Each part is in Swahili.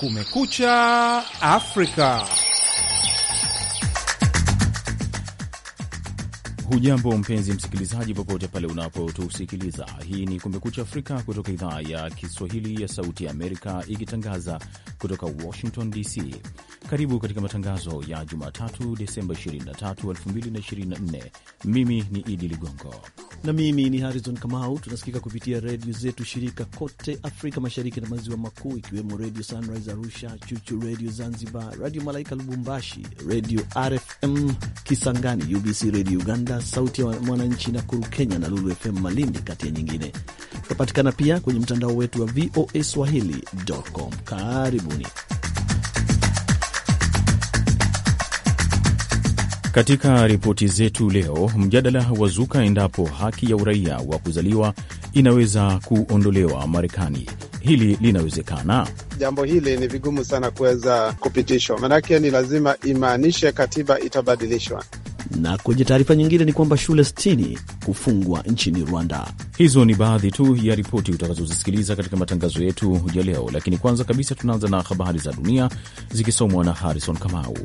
Kumekucha Afrika. Hujambo mpenzi msikilizaji, popote pale unapotusikiliza. Hii ni Kumekucha Afrika kutoka idhaa ya Kiswahili ya Sauti ya Amerika, ikitangaza kutoka Washington DC. Karibu katika matangazo ya Jumatatu, Desemba 23, 2024. Mimi ni Idi Ligongo na mimi ni Harrison Kamau. Tunasikika kupitia redio zetu shirika kote Afrika Mashariki na Maziwa Makuu, ikiwemo Redio Sunrise Arusha, Chuchu Redio Zanzibar, Radio Malaika Lubumbashi, Redio RFM Kisangani, UBC Redio Uganda, Sauti ya Mwananchi na kuru Kenya na Lulu FM Malindi, kati ya nyingine. Tunapatikana pia kwenye mtandao wetu wa VOA Swahili.com. Karibuni. Katika ripoti zetu leo, mjadala wazuka endapo haki ya uraia wa kuzaliwa inaweza kuondolewa Marekani. Hili linawezekana? Jambo hili ni vigumu sana kuweza kupitishwa, maanake ni lazima imaanishe katiba itabadilishwa. Na kwenye taarifa nyingine ni kwamba shule sitini kufungwa nchini Rwanda. Hizo ni baadhi tu ya ripoti utakazozisikiliza katika matangazo yetu ya leo, lakini kwanza kabisa tunaanza na habari za dunia zikisomwa na Harrison Kamau.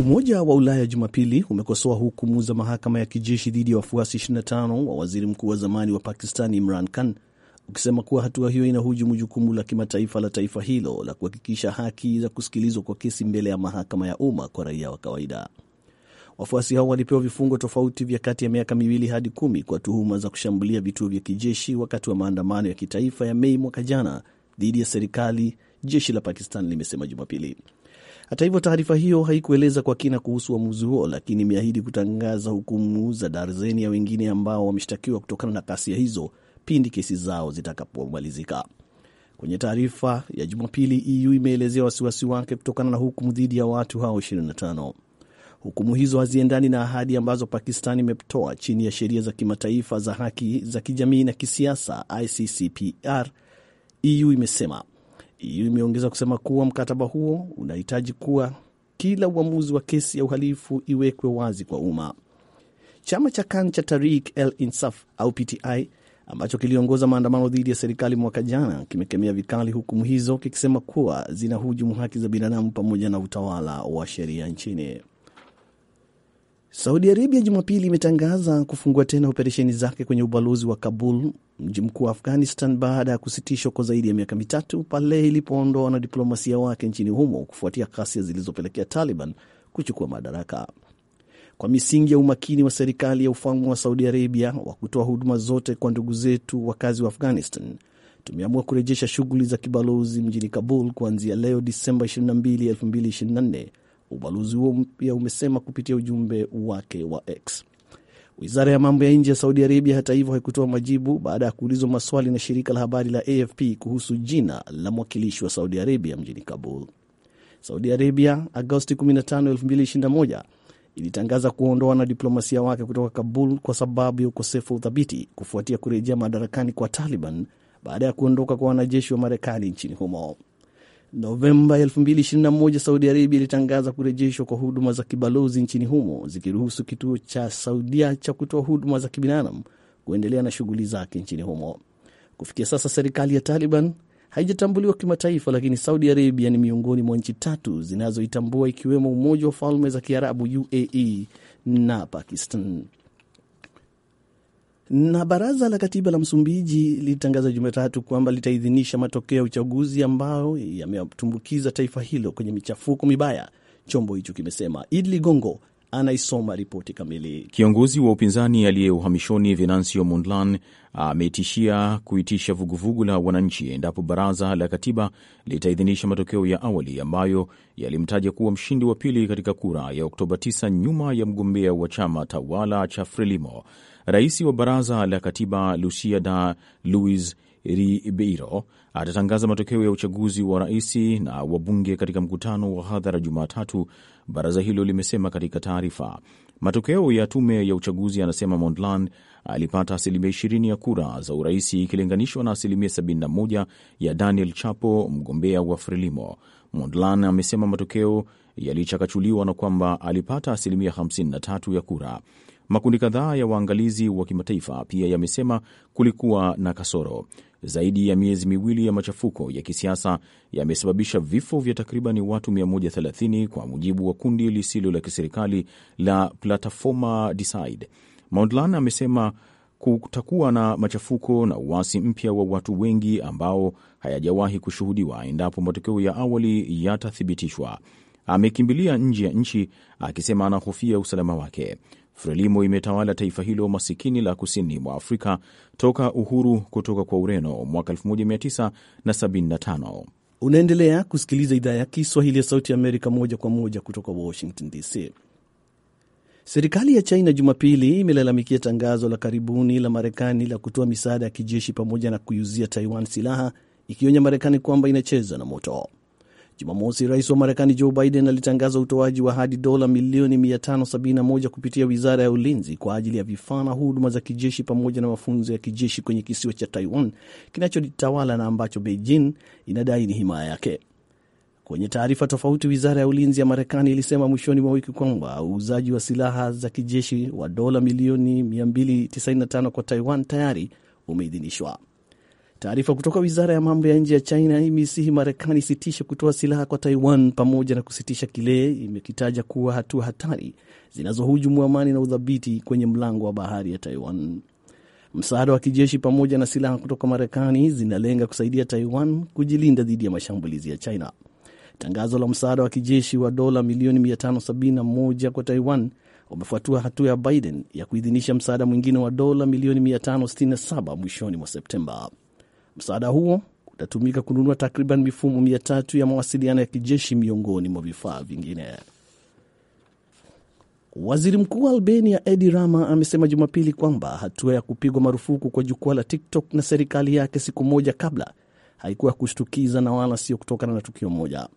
Umoja wa Ulaya Jumapili umekosoa hukumu za mahakama ya kijeshi dhidi ya wafuasi 25 wa waziri mkuu wa zamani wa Pakistan Imran Khan, ukisema kuwa hatua hiyo inahujumu jukumu la kimataifa la taifa hilo la kuhakikisha haki za kusikilizwa kwa kesi mbele ya mahakama ya umma kwa raia wa kawaida. Wafuasi hao walipewa vifungo tofauti vya kati ya miaka miwili hadi kumi kwa tuhuma za kushambulia vituo vya kijeshi wakati wa maandamano ya kitaifa ya Mei mwaka jana dhidi ya serikali, jeshi la Pakistan limesema Jumapili. Hata hivyo, taarifa hiyo haikueleza kwa kina kuhusu uamuzi huo, lakini imeahidi kutangaza hukumu za darzeni ya wengine ambao wameshtakiwa kutokana na kasia hizo pindi kesi zao zitakapomalizika. Kwenye taarifa ya Jumapili, EU imeelezea wasiwasi wake kutokana na hukumu dhidi ya watu hao 25. Hukumu hizo haziendani na ahadi ambazo Pakistan imetoa chini ya sheria za kimataifa za haki za kijamii na kisiasa ICCPR, EU imesema hiyo imeongeza kusema kuwa mkataba huo unahitaji kuwa kila uamuzi wa kesi ya uhalifu iwekwe wazi kwa umma. Chama cha KAN cha tarik El Insaf au PTI ambacho kiliongoza maandamano dhidi ya serikali mwaka jana kimekemea vikali hukumu hizo kikisema kuwa zinahujumu haki za binadamu pamoja na utawala wa sheria nchini. Saudi Arabia Jumapili imetangaza kufungua tena operesheni zake kwenye ubalozi wa Kabul, mji mkuu wa Afghanistan, baada ya kusitishwa kwa zaidi ya miaka mitatu pale ilipoondoa wanadiplomasia wake nchini humo kufuatia ghasia zilizopelekea Taliban kuchukua madaraka. Kwa misingi ya umakini wa serikali ya ufalme wa Saudi Arabia wa kutoa huduma zote kwa ndugu zetu wakazi wa Afghanistan, tumeamua kurejesha shughuli za kibalozi mjini Kabul kuanzia leo Disemba 22, 2024 Ubalozi huo pia umesema kupitia ujumbe wake wa X. Wizara ya mambo ya nje ya Saudi Arabia, hata hivyo, haikutoa majibu baada ya kuulizwa maswali na shirika la habari la AFP kuhusu jina la mwakilishi wa Saudi Arabia mjini Kabul. Saudi Arabia Agosti 15, 2021 ilitangaza kuondoa na diplomasia wake kutoka Kabul kwa sababu ya ukosefu wa uthabiti kufuatia kurejea madarakani kwa Taliban baada ya kuondoka kwa wanajeshi wa Marekani nchini humo. Novemba 2021 Saudi Arabia ilitangaza kurejeshwa kwa huduma za kibalozi nchini humo zikiruhusu kituo cha Saudia cha kutoa huduma za kibinadamu kuendelea na shughuli zake nchini humo. Kufikia sasa, serikali ya Taliban haijatambuliwa kimataifa, lakini Saudi Arabia ni miongoni mwa nchi tatu zinazoitambua ikiwemo Umoja wa Falme za Kiarabu, UAE na Pakistan. Na baraza la katiba la Msumbiji lilitangaza Jumatatu kwamba litaidhinisha matokeo ya uchaguzi ambayo yametumbukiza taifa hilo kwenye michafuko mibaya, chombo hicho kimesema. idli Ligongo anaisoma ripoti kamili. Kiongozi wa upinzani aliye uhamishoni Venancio Mondlane ametishia kuitisha vuguvugu la wananchi endapo baraza la katiba litaidhinisha matokeo ya awali ambayo yalimtaja kuwa mshindi wa pili katika kura ya Oktoba 9 nyuma ya mgombea wa chama tawala cha Frelimo Rais wa Baraza la Katiba Lucia da Luis Ribeiro atatangaza matokeo ya uchaguzi wa rais na wabunge katika mkutano wa hadhara Jumatatu, baraza hilo limesema katika taarifa. Matokeo ya tume ya uchaguzi anasema Mondlane alipata asilimia 20 ya kura za uraisi ikilinganishwa na asilimia 71 ya Daniel Chapo, mgombea wa Frelimo. Mondlane amesema matokeo yalichakachuliwa na kwamba alipata asilimia 53 ya kura. Makundi kadhaa ya waangalizi wa kimataifa pia yamesema kulikuwa na kasoro. Zaidi ya miezi miwili ya machafuko ya kisiasa yamesababisha vifo vya takriban watu 130 kwa mujibu wa kundi lisilo la kiserikali la Plataforma Decide. Mondlane amesema kutakuwa na machafuko na uasi mpya wa watu wengi ambao hayajawahi kushuhudiwa endapo matokeo ya awali yatathibitishwa. Amekimbilia nje ya nchi akisema anahofia usalama wake. Frelimo imetawala taifa hilo masikini la kusini mwa Afrika toka uhuru kutoka kwa Ureno mwaka 1975. Unaendelea kusikiliza idhaa ya Kiswahili ya Sauti ya Amerika moja kwa moja kutoka Washington DC. Serikali ya China Jumapili imelalamikia tangazo la karibuni la Marekani la kutoa misaada ya kijeshi pamoja na kuiuzia Taiwan silaha, ikionya Marekani kwamba inacheza na moto. Jumamosi, rais wa Marekani Joe Biden alitangaza utoaji wa hadi dola milioni 571 kupitia wizara ya ulinzi kwa ajili ya vifaa na huduma za kijeshi pamoja na mafunzo ya kijeshi kwenye kisiwa cha Taiwan kinachotawala na ambacho Beijing inadai ni himaya yake. Kwenye taarifa tofauti, wizara ya ulinzi ya Marekani ilisema mwishoni mwa wiki kwamba uuzaji wa silaha za kijeshi wa dola milioni 295 kwa Taiwan tayari umeidhinishwa. Taarifa kutoka wizara ya mambo ya nje ya China imeisihi Marekani isitishe kutoa silaha kwa Taiwan pamoja na kusitisha kile imekitaja kuwa hatua hatari zinazohujumu amani na udhabiti kwenye mlango wa bahari ya Taiwan. Msaada wa kijeshi pamoja na silaha kutoka Marekani zinalenga kusaidia Taiwan kujilinda dhidi ya mashambulizi ya China. Tangazo la msaada wa kijeshi wa dola milioni 571 kwa Taiwan umefuatua hatua ya Biden ya kuidhinisha msaada mwingine wa dola milioni 567 mwishoni mwa Septemba. Msaada huo utatumika kununua takriban mifumo mia tatu ya mawasiliano ya kijeshi miongoni mwa vifaa vingine. Waziri Mkuu wa Albania Edi Rama amesema Jumapili kwamba hatua ya kupigwa marufuku kwa jukwaa la TikTok na serikali yake siku moja kabla haikuwa kushtukiza na wala sio kutokana na tukio moja.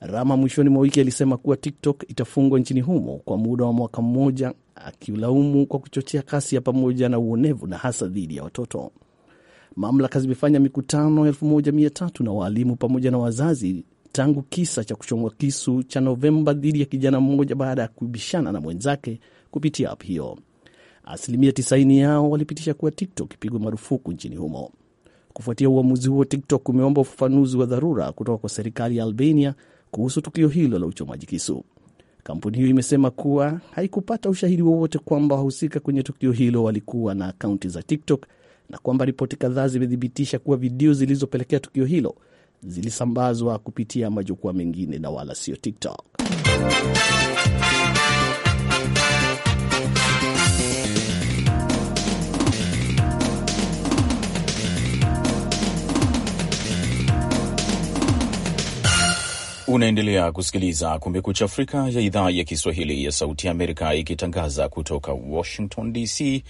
Rama mwishoni mwa wiki alisema kuwa TikTok itafungwa nchini humo kwa muda wa mwaka mmoja, akiulaumu kwa kuchochea kasi ya pamoja na uonevu na hasa dhidi ya watoto. Mamlaka zimefanya mikutano elfu moja mia tatu na waalimu pamoja na wazazi tangu kisa cha kuchomwa kisu cha Novemba dhidi ya kijana mmoja baada ya kubishana na mwenzake kupitia app hiyo. Asilimia 90 yao walipitisha kuwa TikTok ipigwe marufuku nchini humo. Kufuatia uamuzi huo, TikTok umeomba ufafanuzi wa dharura kutoka kwa serikali ya Albania kuhusu tukio hilo la uchomaji kisu. Kampuni hiyo imesema kuwa haikupata ushahidi wowote kwamba wahusika kwenye tukio hilo walikuwa na akaunti za TikTok na kwamba ripoti kadhaa zimethibitisha kuwa video zilizopelekea tukio hilo zilisambazwa kupitia majukwaa mengine na wala sio TikTok. Unaendelea kusikiliza Kumekucha Afrika ya idhaa ya Kiswahili ya Sauti ya Amerika ikitangaza kutoka Washington DC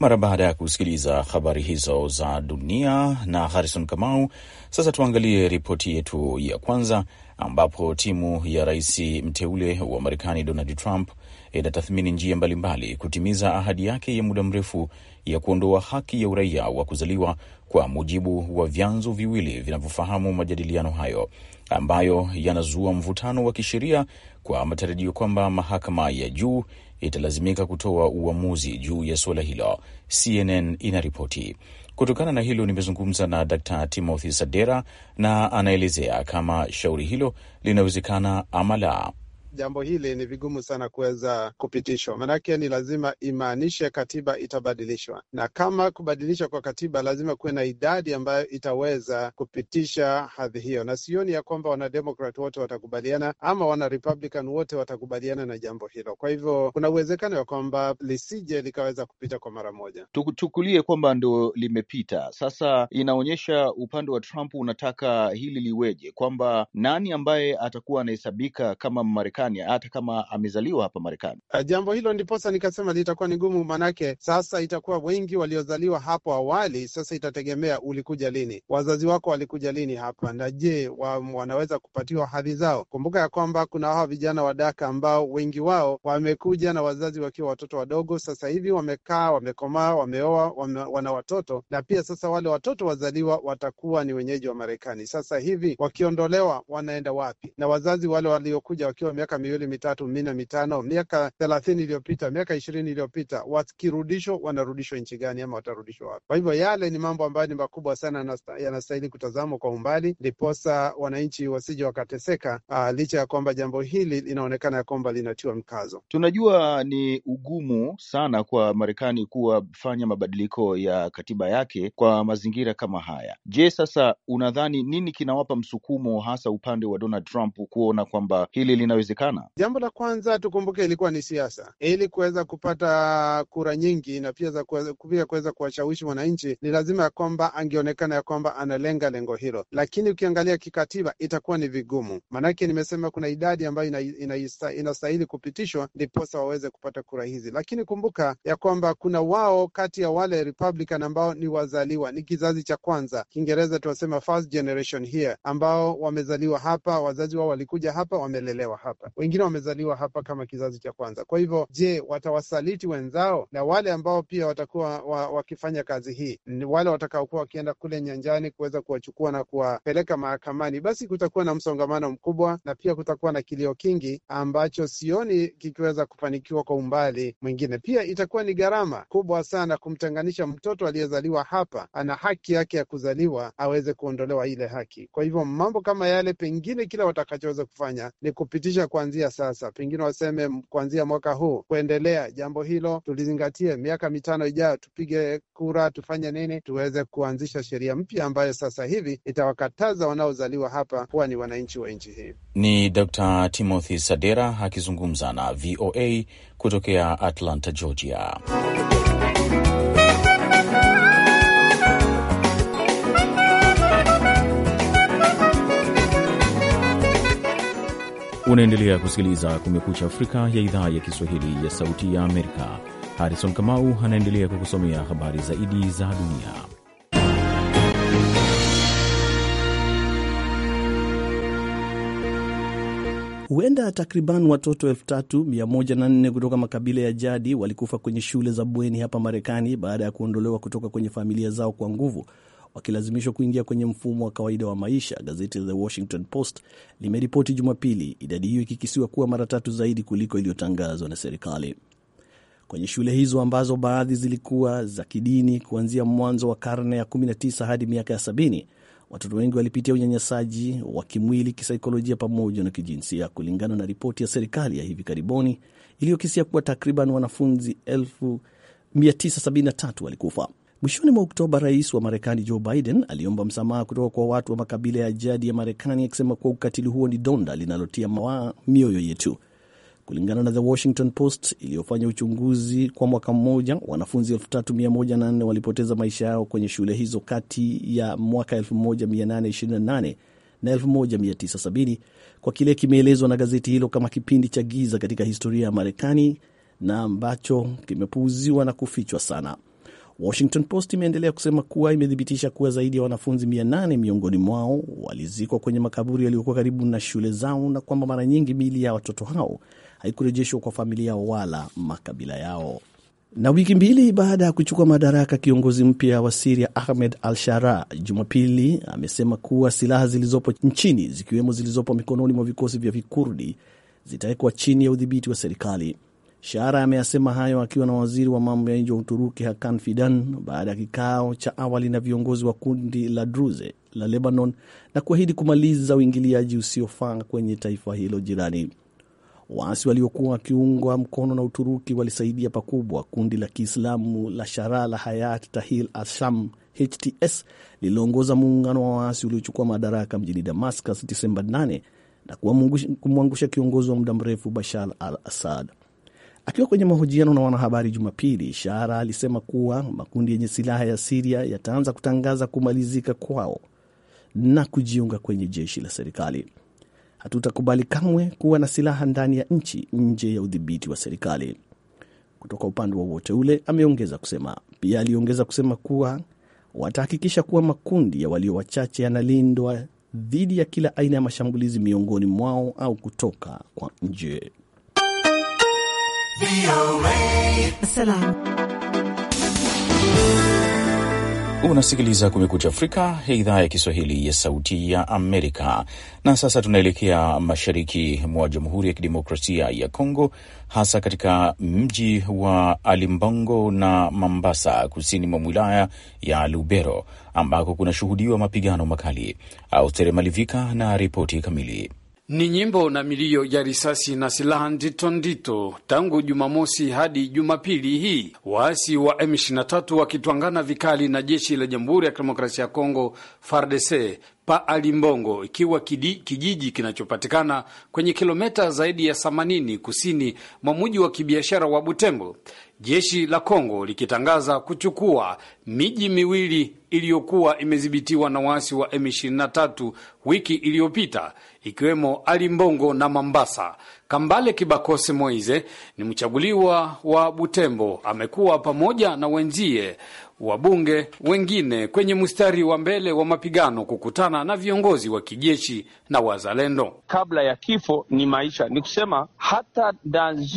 mara baada ya kusikiliza habari hizo za dunia na Harrison Kamau. Sasa tuangalie ripoti yetu ya kwanza, ambapo timu ya rais mteule wa Marekani Donald Trump inatathmini njia mbalimbali kutimiza ahadi yake ya muda mrefu ya kuondoa haki ya uraia wa kuzaliwa, kwa mujibu wa vyanzo viwili vinavyofahamu majadiliano hayo ambayo yanazua mvutano wa kisheria kwa matarajio kwamba mahakama ya juu italazimika kutoa uamuzi juu ya suala hilo, CNN inaripoti. Kutokana na hilo, nimezungumza na d Timothy Sadera na anaelezea kama shauri hilo linawezekana ama la jambo hili ni vigumu sana kuweza kupitishwa, maanake ni lazima imaanishe katiba itabadilishwa, na kama kubadilishwa kwa katiba lazima kuwe na idadi ambayo itaweza kupitisha hadhi hiyo, na sioni ya kwamba wanademokrat wote watakubaliana ama wanarepublican wote watakubaliana na jambo hilo. Kwa hivyo kuna uwezekano ya kwamba lisije likaweza kupita kwa mara moja. Tuchukulie kwamba ndo limepita sasa, inaonyesha upande wa Trump unataka hili liweje, kwamba nani ambaye atakuwa anahesabika kama Marekani Marekani, hata kama amezaliwa hapa Marekani. Eh, jambo hilo ndiposa nikasema litakuwa ni gumu, manake sasa itakuwa wengi waliozaliwa hapo awali. Sasa itategemea ulikuja lini, wazazi wako walikuja lini hapa, na je, wa, wanaweza kupatiwa hadhi zao? Kumbuka ya kwamba kuna hawa vijana wa daka ambao wengi wao wamekuja na wazazi wakiwa watoto wadogo. Sasa hivi wamekaa, wamekomaa, wameoa, wame, wana watoto, na pia sasa wale watoto wazaliwa watakuwa ni wenyeji wa Marekani. Sasa hivi wakiondolewa, wanaenda wapi? Na wazazi wale waliokuja wakiwa miaka miwili mitatu minne mitano miaka thelathini iliyopita miaka ishirini iliyopita, wakirudishwa wanarudishwa nchi gani ama watarudishwa wapi? Kwa hivyo yale ni mambo ambayo ni makubwa sana, yanastahili kutazamwa kwa umbali, ndiposa wananchi wasije wakateseka, ah, licha ya kwamba jambo hili linaonekana ya kwamba linatiwa mkazo. Tunajua ni ugumu sana kwa Marekani kuwafanya mabadiliko ya katiba yake kwa mazingira kama haya. Je, sasa unadhani nini kinawapa msukumo hasa upande wa Donald Trump kuona kwamba hili linawezekana? inaonekana. Jambo la kwanza tukumbuke, ilikuwa ni siasa. Ili kuweza kupata kura nyingi na pia za pia kuweza kuwashawishi wananchi, ni lazima ya kwamba angeonekana ya kwamba analenga lengo hilo, lakini ukiangalia kikatiba itakuwa ni vigumu, maanake nimesema kuna idadi ambayo inastahili ina, ina, ina kupitishwa ndiposa waweze kupata kura hizi, lakini kumbuka ya kwamba kuna wao kati ya wale Republican ambao ni wazaliwa, ni kizazi cha kwanza, Kiingereza tuwasema first generation here, ambao wamezaliwa hapa, wazazi wao walikuja hapa, wamelelewa hapa hapa, wengine wamezaliwa hapa kama kizazi cha kwanza. Kwa hivyo, je, watawasaliti wenzao? Na wale ambao pia watakuwa wa, wakifanya kazi hii ni wale watakaokuwa wakienda kule nyanjani kuweza kuwachukua na kuwapeleka mahakamani, basi kutakuwa na msongamano mkubwa, na pia kutakuwa na kilio kingi ambacho sioni kikiweza kufanikiwa kwa umbali mwingine. Pia itakuwa ni gharama kubwa sana kumtenganisha mtoto aliyezaliwa hapa, ana haki yake ya kuzaliwa, aweze kuondolewa ile haki. Kwa hivyo mambo kama yale, pengine kila watakachoweza kufanya ni kupitisha kwa kuanzia sasa, pengine waseme kuanzia mwaka huu kuendelea, jambo hilo tulizingatie. Miaka mitano ijayo tupige kura, tufanye nini, tuweze kuanzisha sheria mpya ambayo sasa hivi itawakataza wanaozaliwa hapa kuwa ni wananchi wa nchi hii. Ni Dr. Timothy Sadera akizungumza na VOA kutokea Atlanta, Georgia. Unaendelea kusikiliza Kumekucha Afrika ya idhaa ya Kiswahili ya Sauti ya Amerika. Harrison Kamau anaendelea kukusomea habari zaidi za dunia. Huenda takriban watoto 3104 kutoka makabila ya jadi walikufa kwenye shule za bweni hapa Marekani baada ya kuondolewa kutoka kwenye familia zao kwa nguvu wakilazimishwa kuingia kwenye mfumo wa kawaida wa maisha, gazeti la The Washington Post limeripoti Jumapili, idadi hiyo ikikisiwa kuwa mara tatu zaidi kuliko iliyotangazwa na serikali. Kwenye shule hizo ambazo baadhi zilikuwa za kidini kuanzia mwanzo wa karne ya 19 hadi miaka ya 70 watoto wengi walipitia unyanyasaji wa kimwili, kisaikolojia pamoja na kijinsia, kulingana na ripoti ya serikali ya hivi karibuni iliyokisia kuwa takriban wanafunzi 1973 walikufa. Mwishoni mwa Oktoba, rais wa Marekani Joe Biden aliomba msamaha kutoka kwa watu wa makabila ya jadi ya Marekani, akisema kuwa ukatili huo ni donda linalotia mawaa mioyo yetu. Kulingana na The Washington Post iliyofanya uchunguzi kwa mwaka mmoja, wanafunzi 3104 walipoteza maisha yao kwenye shule hizo kati ya mwaka 1828 na 1970 kwa kile kimeelezwa na gazeti hilo kama kipindi cha giza katika historia ya Marekani na ambacho kimepuuziwa na kufichwa sana. Washington Post imeendelea kusema kuwa imethibitisha kuwa zaidi ya wanafunzi 800 miongoni mwao walizikwa kwenye makaburi yaliyokuwa karibu na shule zao na kwamba mara nyingi miili ya watoto hao haikurejeshwa kwa familia wala makabila yao. Na wiki mbili baada ya kuchukua madaraka, kiongozi mpya wa Siria Ahmed al Shara Jumapili amesema kuwa silaha zilizopo nchini zikiwemo zilizopo mikononi mwa vikosi vya Vikurdi zitawekwa chini ya udhibiti wa serikali. Shara ameyasema hayo akiwa na waziri wa mambo ya nje wa Uturuki Hakan Fidan baada ya kikao cha awali na viongozi wa kundi la Druze la Lebanon na kuahidi kumaliza uingiliaji usiofaa kwenye taifa hilo jirani. Waasi waliokuwa wakiungwa mkono na Uturuki walisaidia pakubwa kundi la Kiislamu la Shara la Hayat tahil Asham HTS lililoongoza muungano wa waasi uliochukua madaraka mjini Damascus Disemba 8 na kumwangusha kiongozi wa muda mrefu Bashar al-Assad. Akiwa kwenye mahojiano na wanahabari Jumapili, Shahara alisema kuwa makundi yenye silaha ya Siria yataanza kutangaza kumalizika kwao na kujiunga kwenye jeshi la serikali. Hatutakubali kamwe kuwa na silaha ndani ya nchi nje ya udhibiti wa serikali kutoka upande wowote ule, ameongeza kusema. Pia aliongeza kusema kuwa watahakikisha kuwa makundi ya walio wachache yanalindwa dhidi ya kila aina ya mashambulizi miongoni mwao au kutoka kwa nje. Salam. Unasikiliza Kumekucha Afrika ya idhaa ya Kiswahili ya Sauti ya Amerika. Na sasa tunaelekea mashariki mwa Jamhuri ya Kidemokrasia ya Kongo, hasa katika mji wa Alimbongo na Mambasa, kusini mwa wilaya ya Lubero, ambako kunashuhudiwa mapigano makali. Austere Malivika na ripoti kamili. Ni nyimbo na milio ya risasi na silaha ndito ndito tangu Jumamosi hadi Jumapili hii, waasi wa M23 wakitwangana vikali na jeshi la Jamhuri ya Kidemokrasia ya Kongo FARDC pa Alimbongo, ikiwa kidi, kijiji kinachopatikana kwenye kilometa zaidi ya 80 kusini mwa mji wa kibiashara wa Butembo, jeshi la Kongo likitangaza kuchukua miji miwili iliyokuwa imedhibitiwa na waasi wa M23 wiki iliyopita ikiwemo Ali Mbongo na Mambasa. Kambale Kibakose Moise ni mchaguliwa wa Butembo, amekuwa pamoja na wenzie wabunge wengine kwenye mstari wa mbele wa mapigano kukutana na viongozi wa kijeshi na wazalendo. Kabla ya kifo ni maisha, ni kusema hata ndani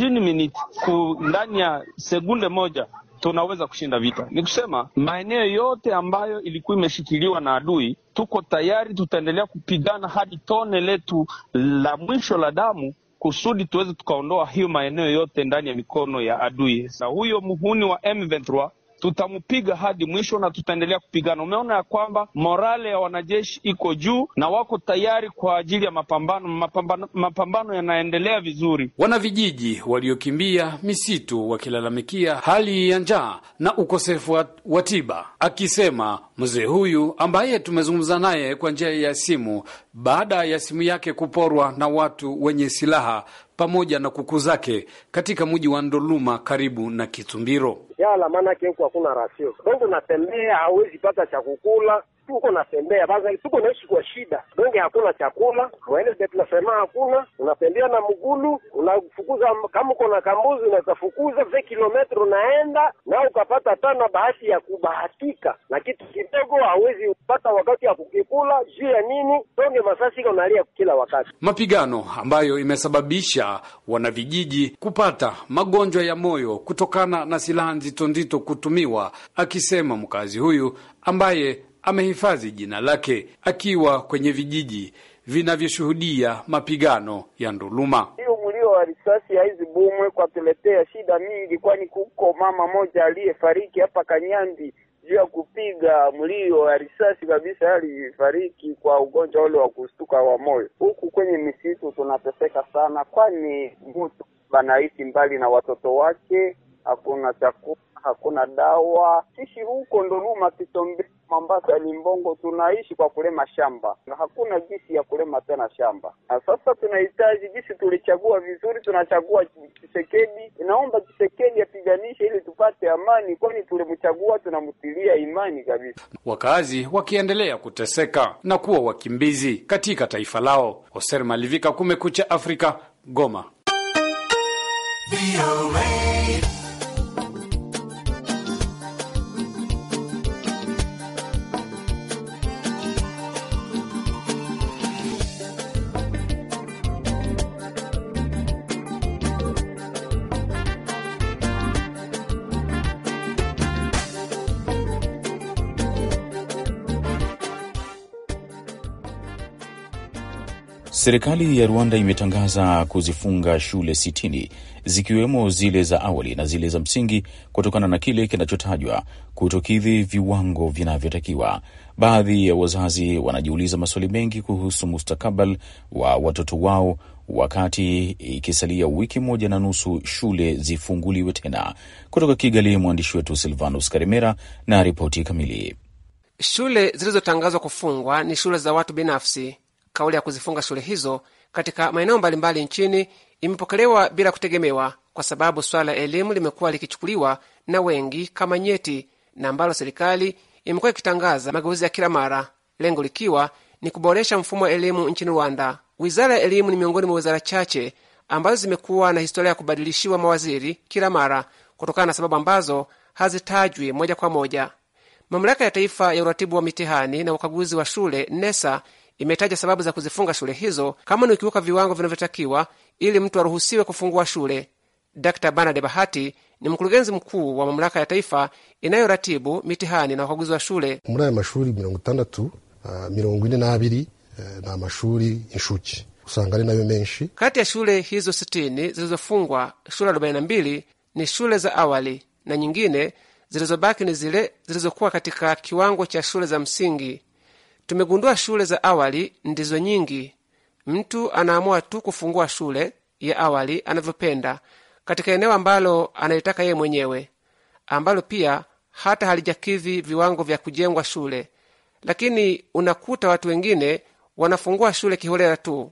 ya sekunde moja tunaweza kushinda vita. Ni kusema maeneo yote ambayo ilikuwa imeshikiliwa na adui, tuko tayari, tutaendelea kupigana hadi tone letu la mwisho la damu kusudi tuweze tukaondoa hiyo maeneo yote ndani ya mikono ya adui. Na huyo muhuni wa M23 tutamupiga hadi mwisho na tutaendelea kupigana. Umeona ya kwamba morale ya wanajeshi iko juu na wako tayari kwa ajili ya mapambano. Mapambano, mapambano yanaendelea vizuri. Wanavijiji waliokimbia misitu wakilalamikia hali ya njaa na ukosefu wa tiba, akisema mzee huyu ambaye tumezungumza naye kwa njia ya simu baada ya simu yake kuporwa na watu wenye silaha pamoja na kuku zake katika mji wa Ndoluma karibu na Kitumbiro. Yala maanake huku hakuna rasio, bongo natembea, hauwezi pata cha kukula uko natembea basi, tuko naishi kwa shida donge, hakuna chakula waende, tunasema hakuna, unatembea na mgulu, unafukuza kama uko na kambuzi unatafukuza ve kilometro unaenda na ukapata tana, bahati ya kubahatika na kitu kidogo hawezi kupata wakati ya kukikula, juu ya nini donge masasi unalia kila wakati. Mapigano ambayo imesababisha wanavijiji kupata magonjwa ya moyo kutokana na silaha nzito nzito kutumiwa, akisema mkazi huyu ambaye amehifadhi jina lake akiwa kwenye vijiji vinavyoshuhudia mapigano ya nduluma. Hiyo mlio wa risasi ya hizi bumwe kwatuletea shida mingi, kwani kuko mama moja aliyefariki hapa Kanyambi juu ya kupiga mlio wa risasi kabisa, alifariki kwa ugonjwa ule wa kustuka wa moyo. Huku kwenye misitu tunateseka sana, kwani mtu banaishi mbali na watoto wake, hakuna chakula hakuna dawa. Sisi huko Ndoruma, Kitombe, Mambasa, Limbongo tunaishi kwa kulema shamba, na hakuna jinsi ya kulema tena shamba. Na sasa tunahitaji jinsi, tulichagua vizuri, tunachagua Chisekedi. Inaomba Chisekedi apiganishe ili tupate amani, kwani tulimchagua, tunamtilia imani kabisa. Wakazi wakiendelea kuteseka na kuwa wakimbizi katika taifa lao. Hoser Malivika, Kumekucha Afrika, Goma. Serikali ya Rwanda imetangaza kuzifunga shule sitini zikiwemo zile za awali na zile za msingi kutokana na kile kinachotajwa kutokidhi viwango vinavyotakiwa. Baadhi ya wazazi wanajiuliza maswali mengi kuhusu mustakabali wa watoto wao, wakati ikisalia wiki moja na nusu shule zifunguliwe tena. Kutoka Kigali, mwandishi wetu Silvanus karimera na ripoti kamili. Shule zilizotangazwa kufungwa ni shule za watu binafsi Kauli ya kuzifunga shule hizo katika maeneo mbalimbali nchini imepokelewa bila kutegemewa, kwa sababu swala la elimu limekuwa likichukuliwa na wengi kama nyeti na ambalo serikali imekuwa ikitangaza mageuzi ya kila mara, lengo likiwa ni kuboresha mfumo wa elimu nchini Rwanda. Wizara ya elimu ni miongoni mwa wizara chache ambazo zimekuwa na historia ya kubadilishiwa mawaziri kila mara kutokana na sababu ambazo hazitajwi moja kwa moja. Mamlaka ya Taifa ya Uratibu wa Mitihani na Ukaguzi wa Shule, NESA, imetaja sababu za kuzifunga shule hizo kama ni ukiuka viwango vinavyotakiwa ili mtu aruhusiwe kufungua shule. Dr Bernard Bahati ni mkurugenzi mkuu wa mamlaka ya taifa inayoratibu mitihani na wakaguzi wa shule. muri aya mashuri mirongo itandatu ah, mirongo ine n'abiri na eh, mashuri inshuki usanga ari nayo menshi. Kati ya shule hizo sitini zilizofungwa, shule arobaini na mbili ni shule za awali na nyingine zilizobaki ni zile zilizokuwa katika kiwango cha shule za msingi. Tumegundua shule za awali ndizo nyingi. Mtu anaamua tu kufungua shule ya awali anavyopenda katika eneo ambalo analitaka yeye mwenyewe, ambalo pia hata halijakidhi viwango vya kujengwa shule, lakini unakuta watu wengine wanafungua shule kiholela tu.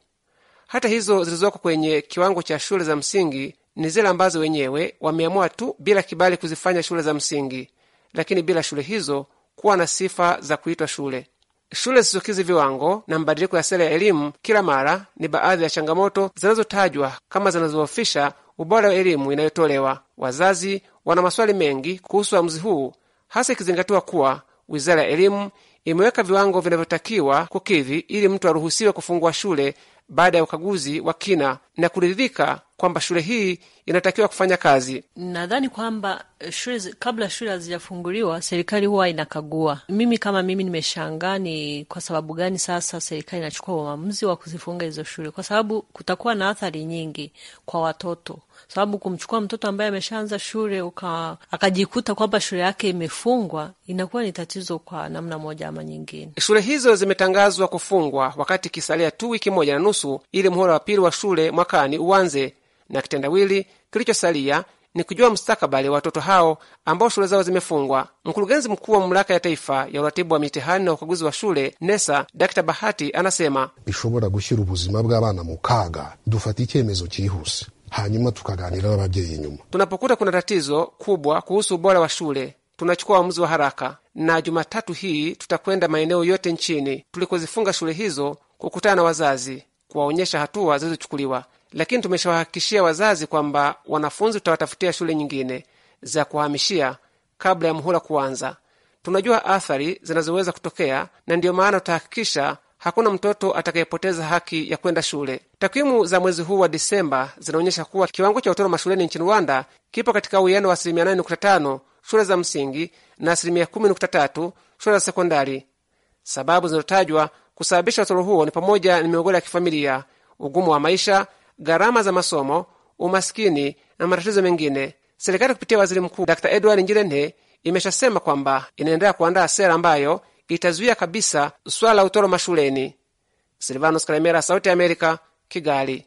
Hata hizo zilizoko kwenye kiwango cha shule za msingi ni zile ambazo wenyewe wameamua tu bila kibali kuzifanya shule za msingi, lakini bila shule hizo kuwa na sifa za kuitwa shule. Shule zisizokizi viwango na mbadiliko ya sera ya elimu kila mara ni baadhi ya changamoto zinazotajwa kama zinazoofisha ubora wa elimu inayotolewa. Wazazi wana maswali mengi kuhusu uamuzi huu, hasa ikizingatiwa kuwa wizara ya elimu imeweka viwango vinavyotakiwa kukidhi ili mtu aruhusiwe kufungua shule baada ya ukaguzi wa kina na kuridhika kwamba shule hii inatakiwa kufanya kazi. Nadhani kwamba shule kabla shule hazijafunguliwa serikali huwa inakagua. Mimi kama mimi nimeshangaa ni kwa sababu gani sasa serikali inachukua uamuzi wa kuzifunga hizo shule, kwa sababu kutakuwa na athari nyingi kwa watoto sababu kumchukua mtoto ambaye ameshaanza shule uka, akajikuta kwamba shule yake imefungwa inakuwa ni tatizo kwa namna moja ama nyingine. Shule hizo zimetangazwa kufungwa wakati ikisalia tu wiki moja na nusu ili muhula wa pili wa shule mwakani uanze, na kitendawili kilichosalia ni kujua mustakabali wa watoto hao ambao shule zao zimefungwa. Mkurugenzi mkuu wa mamlaka ya taifa ya uratibu wa mitihani na ukaguzi wa shule NESA, Dr Bahati anasema bishobora gushira ubuzima bw'abana mu kaga dufata icyemezo cyihuse hanyuma tukaganira n'ababyeyi nyuma. Tunapokuta kuna tatizo kubwa kuhusu ubora wa shule, tunachukua uamuzi wa haraka, na Jumatatu hii tutakwenda maeneo yote nchini tulikozifunga shule hizo kukutana na wazazi kuwaonyesha hatua zilizochukuliwa, lakini tumeshawahakikishia wazazi kwamba wanafunzi tutawatafutia shule nyingine za kuhamishia kabla ya muhula kuanza. Tunajua athari zinazoweza kutokea, na ndiyo maana tutahakikisha hakuna mtoto atakayepoteza haki ya kwenda shule. Takwimu za mwezi huu wa Disemba zinaonyesha kuwa kiwango cha utoro mashuleni nchini Rwanda kipo katika uwiano wa asilimia 8.5 shule za msingi na asilimia 10.3 shule za sekondari. Sababu zinazotajwa kusababisha utoro huo ni pamoja na migogoro ya kifamilia, ugumu wa maisha, gharama za masomo, umaskini na matatizo mengine. Serikali kupitia waziri mkuu Dr Edward Ngirente imeshasema kwamba inaendelea kuandaa sera ambayo itazuia kabisa swala la utoro mashuleni. Silvanos Kalemera, Sauti ya Amerika, Kigali.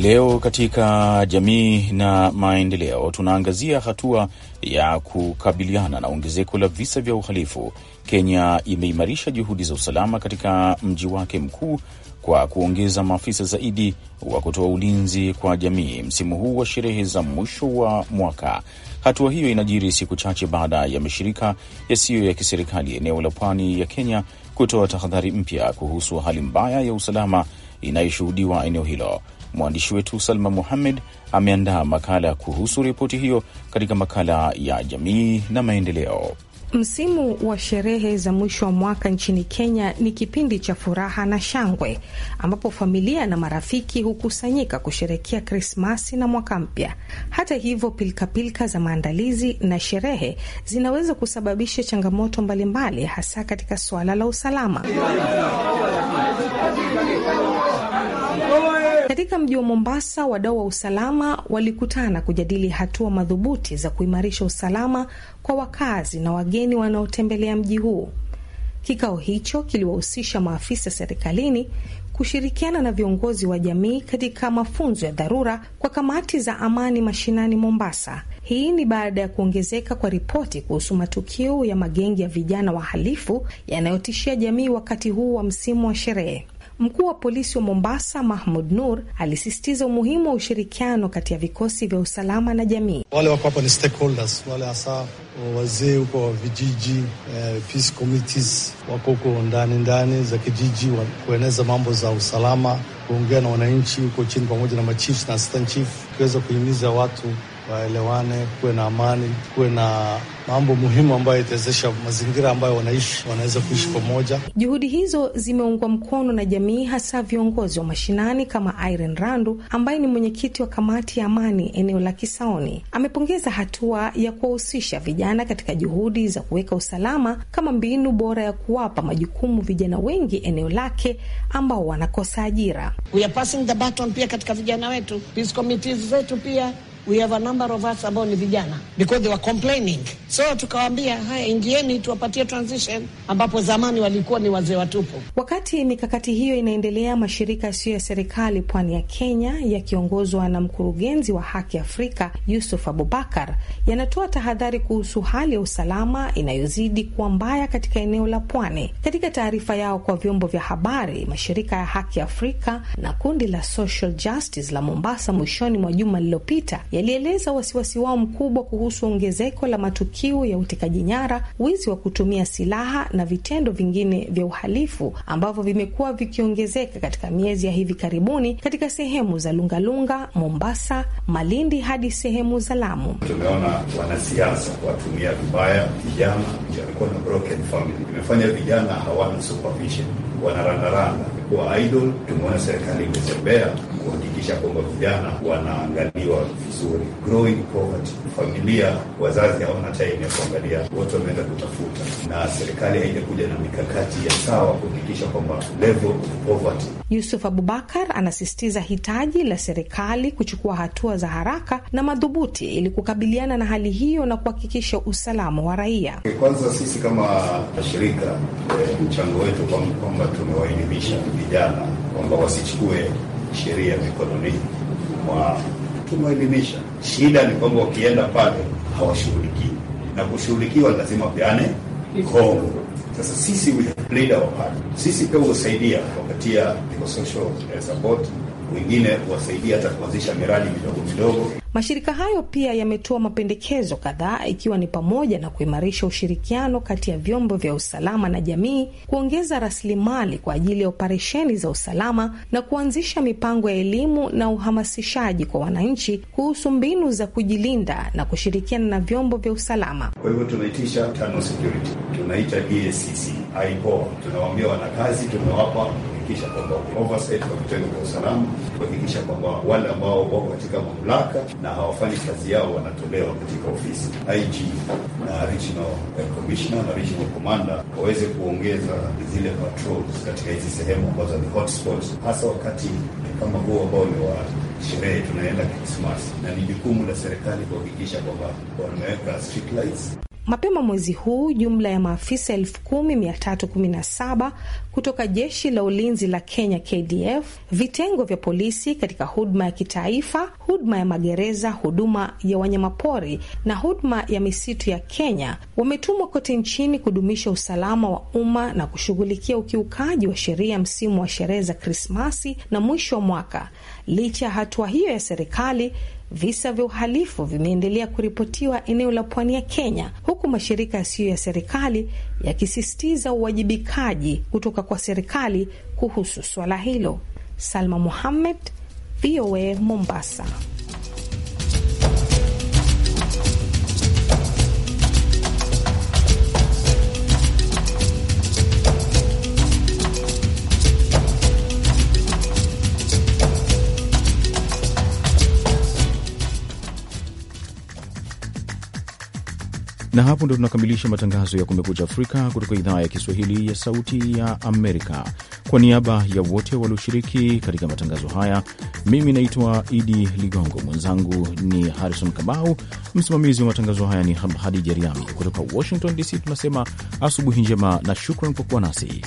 Leo katika jamii na maendeleo tunaangazia hatua ya kukabiliana na ongezeko la visa vya uhalifu. Kenya imeimarisha juhudi za usalama katika mji wake mkuu kwa kuongeza maafisa zaidi wa kutoa ulinzi kwa jamii msimu huu wa sherehe za mwisho wa mwaka. Hatua hiyo inajiri siku chache baada ya mashirika yasiyo ya, kiserikali eneo la pwani ya Kenya kutoa tahadhari mpya kuhusu hali mbaya ya usalama inayoshuhudiwa eneo hilo. Mwandishi wetu Salma Muhammed ameandaa makala kuhusu ripoti hiyo katika makala ya jamii na maendeleo. Msimu wa sherehe za mwisho wa mwaka nchini Kenya ni kipindi cha furaha na shangwe, ambapo familia na marafiki hukusanyika kusherekea Krismasi na mwaka mpya. Hata hivyo, pilikapilika za maandalizi na sherehe zinaweza kusababisha changamoto mbalimbali, hasa katika suala la usalama. Katika mji wa Mombasa, wadau wa usalama walikutana kujadili hatua madhubuti za kuimarisha usalama kwa wakazi na wageni wanaotembelea mji huu. Kikao hicho kiliwahusisha maafisa serikalini kushirikiana na viongozi wa jamii katika mafunzo ya dharura kwa kamati za amani mashinani Mombasa. Hii ni baada ya kuongezeka kwa ripoti kuhusu matukio ya magengi ya vijana wahalifu yanayotishia jamii wakati huu wa msimu wa sherehe. Mkuu wa polisi wa Mombasa Mahmud Nur alisisitiza umuhimu wa ushirikiano kati ya vikosi vya usalama na jamii. Wale wako hapa ni stakeholders, wale hasa uh, wazee huko wa vijiji, eh, peace committees wako huko ndani ndani za kijiji, kueneza mambo za usalama, kuongea na wananchi huko chini, pamoja na machief na assistant chief, kuhimiza watu waelewane, kuwe na amani, kuwe na mambo muhimu ambayo itawezesha mazingira ambayo wanaishi wanaweza kuishi pamoja. Juhudi hizo zimeungwa mkono na jamii, hasa viongozi wa mashinani kama Irene Randu ambaye ni mwenyekiti wa kamati ya amani eneo la Kisaoni. Amepongeza hatua ya kuwahusisha vijana katika juhudi za kuweka usalama kama mbinu bora ya kuwapa majukumu vijana wengi eneo lake ambao wanakosa ajira. We are passing the baton pia katika vijana wetu, peace committees zetu pia we have a number of us ambao ni vijana because they were complaining, so tukawaambia haya, ingieni tuwapatie transition, ambapo zamani walikuwa ni wazee watupu. Wakati mikakati hiyo inaendelea, mashirika yasiyo ya serikali pwani ya Kenya yakiongozwa na mkurugenzi wa Haki Afrika Yusuf Abubakar yanatoa tahadhari kuhusu hali ya usalama inayozidi kuwa mbaya katika eneo la pwani. Katika taarifa yao kwa vyombo vya habari, mashirika ya Haki Afrika na kundi la Social Justice la Mombasa mwishoni mwa juma lililopita yalieleza wasiwasi wao mkubwa kuhusu ongezeko la matukio ya utekaji nyara, wizi wa kutumia silaha na vitendo vingine vya uhalifu ambavyo vimekuwa vikiongezeka katika miezi ya hivi karibuni katika sehemu za Lungalunga lunga, Mombasa, Malindi hadi sehemu za Lamu. Tumeona wanasiasa watumia vibaya vijana, wamekuwa na broken family, imefanya vijana hawana supervision, wanarandaranda kuwa idol. Tumeona serikali imetembea kuhakikisha kwamba vijana wanaangaliwa vizuri. Growing poverty, familia, wazazi hawana time ya kuangalia watu wameenda kutafuta, na serikali haijakuja na mikakati ya sawa kuhakikisha kwamba level of poverty. Yusuf Abubakar anasisitiza hitaji la serikali kuchukua hatua za haraka na madhubuti ili kukabiliana na hali hiyo na kuhakikisha usalama wa raia. Kwanza sisi kama shirika, eh, mchango wetu kwamba tumewaelimisha vijana kwamba wasichukue sheria mikononi mwa. Tumeelimisha, shida ni kwamba wakienda pale hawashughulikiwi na kushughulikiwa lazima peane kongo Sasa sisi we have played our part, sisi pia husaidia kuwapatia social support wengine kuwasaidia hata kuanzisha miradi midogo midogo. Mashirika hayo pia yametoa mapendekezo kadhaa ikiwa ni pamoja na kuimarisha ushirikiano kati ya vyombo vya usalama na jamii, kuongeza rasilimali kwa ajili ya operesheni za usalama na kuanzisha mipango ya elimu na uhamasishaji kwa wananchi kuhusu mbinu za kujilinda na kushirikiana na vyombo vya usalama. Kwa hivyo tunaitisha tunaita e tunawaambia wanakazi, tumewapa kuhakikisha kwamba oversight wa vitendo vya usalama, kuhakikisha kwamba wale ambao wako katika mamlaka na hawafanyi kazi yao wanatolewa katika ofisi IG na regional eh, commissioner na regional commander waweze kuongeza zile patrols katika hizi sehemu ambazo ni hotspots, hasa wakati kama huo ambao ni wa sherehe, tunaenda Krismasi, na ni jukumu la serikali kuhakikisha kwamba wameweka street lights. Mapema mwezi huu jumla ya maafisa elfu kutoka jeshi la ulinzi la Kenya KDF, vitengo vya polisi katika huduma ya kitaifa, huduma ya magereza, huduma ya wanyamapori na huduma ya misitu ya Kenya wametumwa kote nchini kudumisha usalama wa umma na kushughulikia ukiukaji wa sheria msimu wa sherehe za Krismasi na mwisho wa mwaka. Licha ya hatua hiyo ya serikali Visa vya uhalifu vimeendelea kuripotiwa eneo la pwani ya Kenya, huku mashirika yasiyo ya serikali yakisisitiza uwajibikaji kutoka kwa serikali kuhusu swala hilo. Salma Muhammed, VOA Mombasa. Na hapo ndo tunakamilisha matangazo ya Kumekucha Afrika kutoka idhaa ya Kiswahili ya Sauti ya Amerika. Kwa niaba ya wote walioshiriki katika matangazo haya, mimi naitwa Idi Ligongo, mwenzangu ni Harrison Kamau, msimamizi wa matangazo haya ni Hadija Riami. Kutoka Washington DC tunasema asubuhi njema na shukran kwa kuwa nasi.